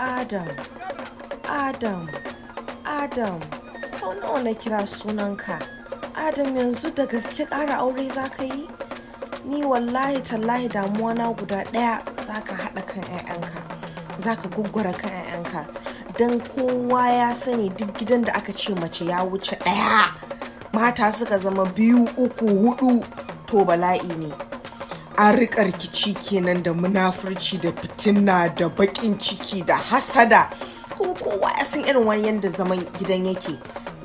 Adam, Adam, Adam, sau nawa na kira sunanka? Adam yanzu da gaske ƙara aure za ka yi? Ni wallahi tallahi damuwa na guda ɗaya za ka haɗa kan 'ya'yanka, za ka guggura kan 'ya'yanka. Don kowa ya sani duk gidan da aka ce mace ya wuce ɗaya, mata suka zama biyu, uku, hudu, to bala'i ne. an riƙa rikici kenan da munafurci da fitina da baƙin ciki da hasada kuma kowa ya san irin wani yadda zaman gidan yake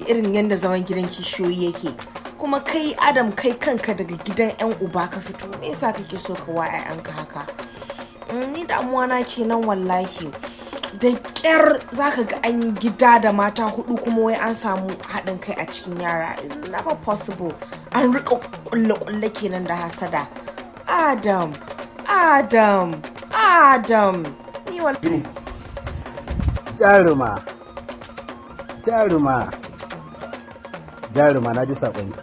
irin yadda zaman gidan kishiyoyi yake kuma kai adam kai kanka daga gidan yan uba ka fito me yasa kake so ka wa ka haka mm, ni damuwa na kenan wallahi da ƙyar zaka ga an gida da mata hudu kuma wai an samu haɗin kai a cikin yara is never possible an rika ƙulle-ƙulle kenan da hasada Adam, Adam, Adam. Ni wal- Jaruma, jaruma, jaruma na ji saƙonki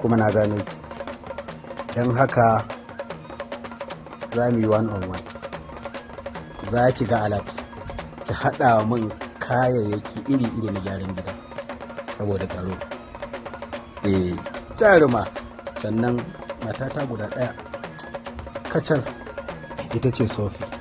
kuma na gano ki. Don haka za mu yi one on one. Za ki ga alat, ki haɗa mun kayayyaki iri-iri na gyaran gida saboda tsaro. Eh, jaruma, sannan matata guda ɗaya kacal ita ce sofi